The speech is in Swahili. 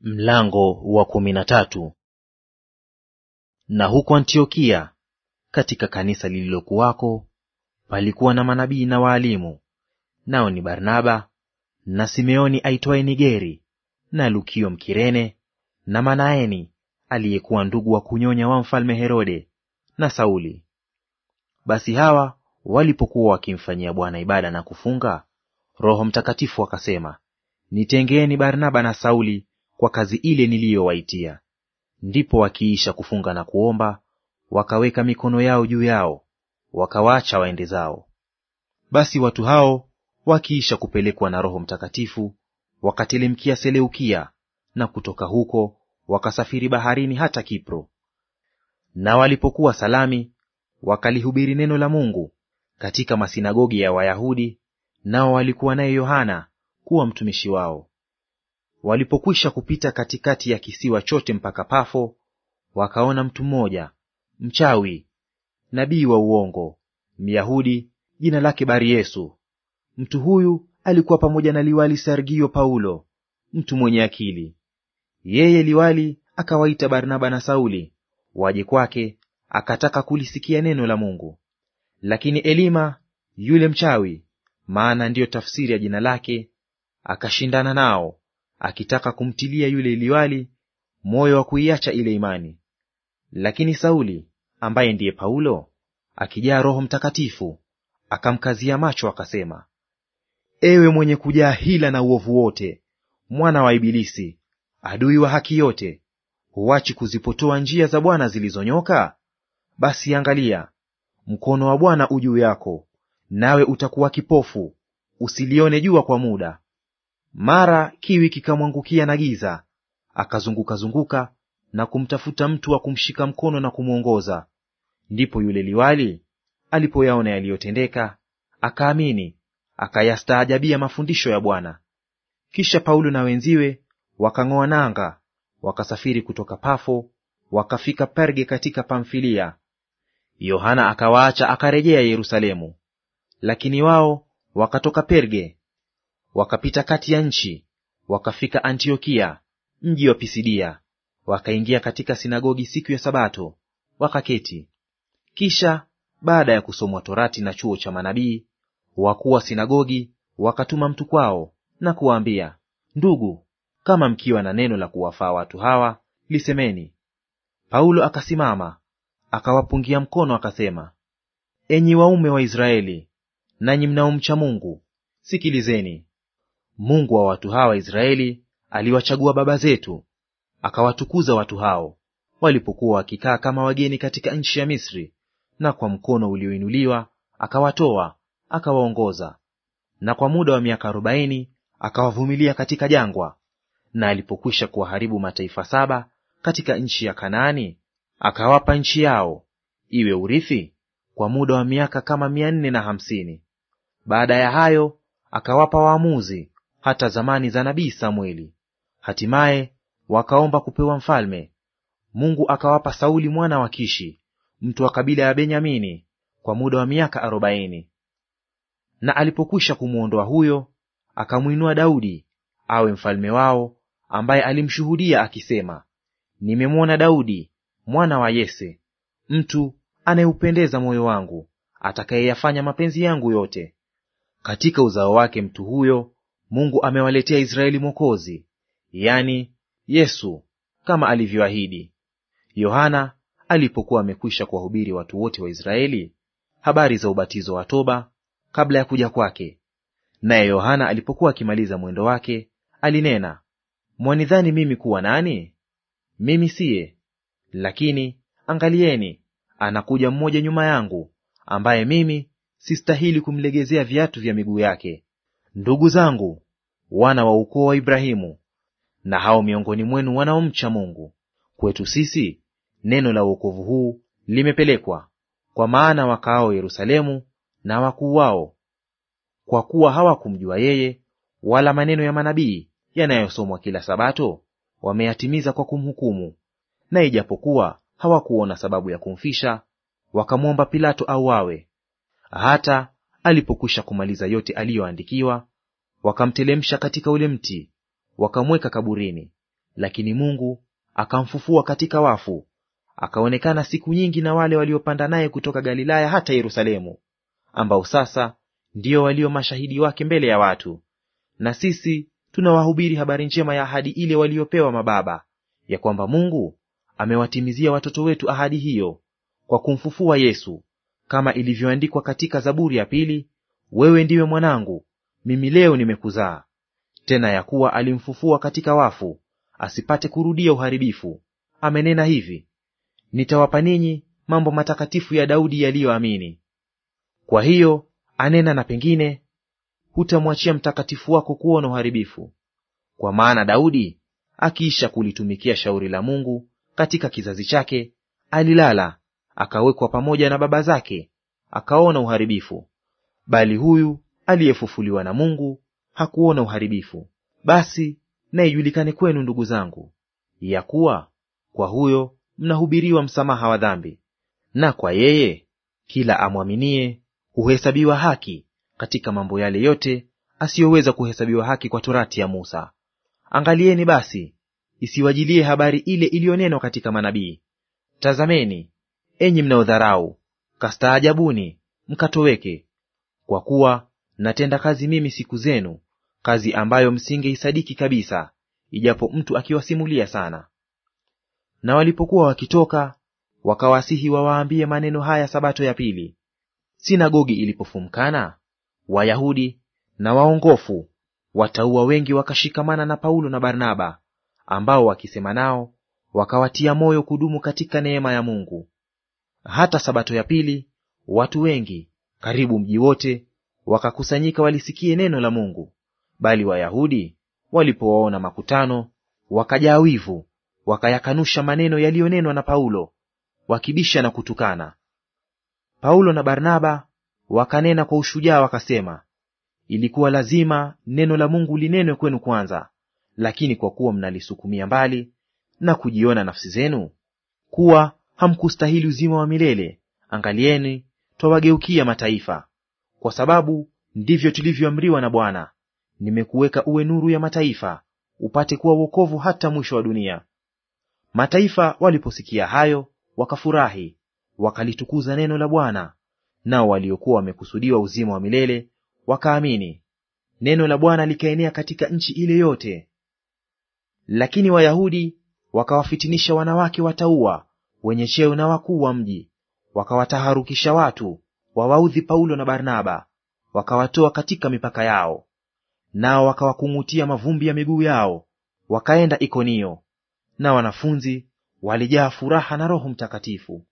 Mlango wa kumi na tatu. Na huko Antiokia katika kanisa lililokuwako palikuwa na manabii na waalimu, nao ni Barnaba na Simeoni aitwaye Nigeri na Lukio Mkirene na Manaeni aliyekuwa ndugu wa kunyonya wa mfalme Herode na Sauli. Basi hawa walipokuwa wakimfanyia Bwana ibada na kufunga, Roho Mtakatifu akasema, nitengeeni Barnaba na Sauli kwa kazi ile niliyowaitia. Ndipo wakiisha kufunga na kuomba, wakaweka mikono yao juu yao, wakawaacha waende zao. Basi watu hao wakiisha kupelekwa na Roho Mtakatifu wakatelemkia Seleukia, na kutoka huko wakasafiri baharini hata Kipro. Na walipokuwa Salami, wakalihubiri neno la Mungu katika masinagogi ya Wayahudi, nao walikuwa naye Yohana kuwa mtumishi wao. Walipokwisha kupita katikati ya kisiwa chote mpaka Pafo, wakaona mtu mmoja mchawi, nabii wa uongo, Myahudi, jina lake Bari Yesu. Mtu huyu alikuwa pamoja na liwali Sergio Paulo, mtu mwenye akili. Yeye liwali akawaita Barnaba na Sauli waje kwake, akataka kulisikia neno la Mungu. Lakini Elima yule mchawi, maana ndiyo tafsiri ya jina lake, akashindana nao akitaka kumtilia yule liwali moyo wa kuiacha ile imani. Lakini Sauli ambaye ndiye Paulo akijaa Roho Mtakatifu akamkazia macho akasema, ewe mwenye kujaa hila na uovu wote, mwana wa Ibilisi, adui wa haki yote, huachi kuzipotoa njia za Bwana zilizonyoka? Basi angalia, mkono wa Bwana u juu yako, nawe utakuwa kipofu, usilione jua kwa muda, mara kiwi kikamwangukia na giza, akazunguka zunguka na kumtafuta mtu wa kumshika mkono na kumwongoza. Ndipo yule liwali alipoyaona yaliyotendeka, akaamini, akayastaajabia mafundisho ya Bwana. Kisha Paulo na wenziwe wakang'oa nanga, wakasafiri kutoka Pafo, wakafika Perge katika Pamfilia. Yohana akawaacha akarejea Yerusalemu. Lakini wao wakatoka Perge Wakapita kati ya nchi, wakafika Antiokia, mji wa Pisidia. Wakaingia katika sinagogi siku ya Sabato, wakaketi. Kisha baada ya kusomwa Torati na chuo cha manabii, wakuu wa sinagogi wakatuma mtu kwao na kuwaambia, Ndugu, kama mkiwa na neno la kuwafaa watu hawa lisemeni. Paulo akasimama akawapungia mkono akasema, Enyi waume wa Israeli, nanyi mnaomcha Mungu, sikilizeni. Mungu wa watu hawa Israeli aliwachagua baba zetu, akawatukuza watu hao walipokuwa wakikaa kama wageni katika nchi ya Misri, na kwa mkono ulioinuliwa akawatoa akawaongoza. Na kwa muda wa miaka arobaini akawavumilia katika jangwa, na alipokwisha kuwaharibu mataifa saba katika nchi ya Kanaani, akawapa nchi yao iwe urithi kwa muda wa miaka kama mia nne na hamsini. Baada ya hayo akawapa waamuzi hata zamani za nabii Samueli. Hatimaye wakaomba kupewa mfalme. Mungu akawapa Sauli mwana wa Kishi, mtu wa kabila ya Benyamini, kwa muda wa miaka arobaini. Na alipokwisha kumwondoa huyo, akamwinua Daudi awe mfalme wao, ambaye alimshuhudia akisema, nimemwona Daudi mwana wa Yese, mtu anayeupendeza moyo wangu, atakayeyafanya mapenzi yangu yote. Katika uzao wake mtu huyo Mungu amewaletea Israeli mwokozi, yani Yesu, kama alivyoahidi. Yohana alipokuwa amekwisha kuwahubiri watu wote wa Israeli habari za ubatizo wa toba kabla ya kuja kwake, naye Yohana alipokuwa akimaliza mwendo wake alinena, mwanidhani mimi kuwa nani? Mimi siye. Lakini angalieni, anakuja mmoja nyuma yangu, ambaye mimi sistahili kumlegezea viatu vya miguu yake. Ndugu zangu wana wa ukoo wa Ibrahimu, na hao miongoni mwenu wanaomcha Mungu, kwetu sisi neno la uokovu huu limepelekwa, kwa maana wakaao Yerusalemu na wakuu wao, kwa kuwa hawakumjua yeye, wala maneno ya manabii yanayosomwa kila Sabato wameyatimiza kwa kumhukumu. Na ijapokuwa hawakuona sababu ya kumfisha, wakamwomba Pilato auawe. Hata Alipokwisha kumaliza yote aliyoandikiwa, wakamtelemsha katika ule mti, wakamweka kaburini. Lakini Mungu akamfufua katika wafu, akaonekana siku nyingi na wale waliopanda naye kutoka Galilaya hata Yerusalemu, ambao sasa ndio walio mashahidi wake mbele ya watu. Na sisi tunawahubiri habari njema ya ahadi ile waliopewa mababa, ya kwamba Mungu amewatimizia watoto wetu ahadi hiyo kwa kumfufua Yesu, kama ilivyoandikwa katika Zaburi ya pili, wewe ndiwe mwanangu, mimi leo nimekuzaa. Tena ya kuwa alimfufua katika wafu, asipate kurudia uharibifu. Amenena hivi, nitawapa ninyi mambo matakatifu ya Daudi yaliyoamini. Kwa hiyo anena na pengine, hutamwachia mtakatifu wako kuona uharibifu. Kwa maana Daudi akiisha kulitumikia shauri la Mungu katika kizazi chake, alilala akawekwa pamoja na baba zake, akaona uharibifu; bali huyu aliyefufuliwa na Mungu hakuona uharibifu. Basi na ijulikane kwenu, ndugu zangu, ya kuwa kwa huyo mnahubiriwa msamaha wa dhambi, na kwa yeye kila amwaminie huhesabiwa haki katika mambo yale yote asiyoweza kuhesabiwa haki kwa torati ya Musa. Angalieni basi isiwajilie habari ile iliyonenwa katika manabii: Tazameni, enyi mnaodharau, kastaajabuni mkatoweke, kwa kuwa natenda kazi mimi siku zenu, kazi ambayo msingeisadiki kabisa, ijapo mtu akiwasimulia sana. Na walipokuwa wakitoka, wakawasihi wawaambie maneno haya sabato ya pili. Sinagogi ilipofumkana, Wayahudi na waongofu wataua wengi wakashikamana na Paulo na Barnaba, ambao wakisema nao wakawatia moyo kudumu katika neema ya Mungu. Hata sabato ya pili watu wengi karibu mji wote wakakusanyika walisikie neno la Mungu. Bali Wayahudi walipowaona makutano, wakajaa wivu, wakayakanusha maneno yaliyonenwa na Paulo, wakibisha na kutukana. Paulo na Barnaba wakanena kwa ushujaa, wakasema, ilikuwa lazima neno la Mungu linenwe kwenu kwanza, lakini kwa kuwa mnalisukumia mbali na kujiona nafsi zenu kuwa hamkustahili uzima wa milele. Angalieni, twawageukia mataifa, kwa sababu ndivyo tulivyoamriwa na Bwana. Nimekuweka uwe nuru ya mataifa, upate kuwa wokovu hata mwisho wa dunia. Mataifa waliposikia hayo wakafurahi, wakalitukuza neno la Bwana, nao waliokuwa wamekusudiwa uzima wa milele wakaamini. Neno la Bwana likaenea katika nchi ile yote. Lakini Wayahudi wakawafitinisha wanawake watauwa wenye cheo na wakuu wa mji, wakawataharukisha watu wawaudhi Paulo na Barnaba, wakawatoa katika mipaka yao. Nao wakawakung'utia mavumbi ya miguu yao, wakaenda Ikonio. Na wanafunzi walijaa furaha na Roho Mtakatifu.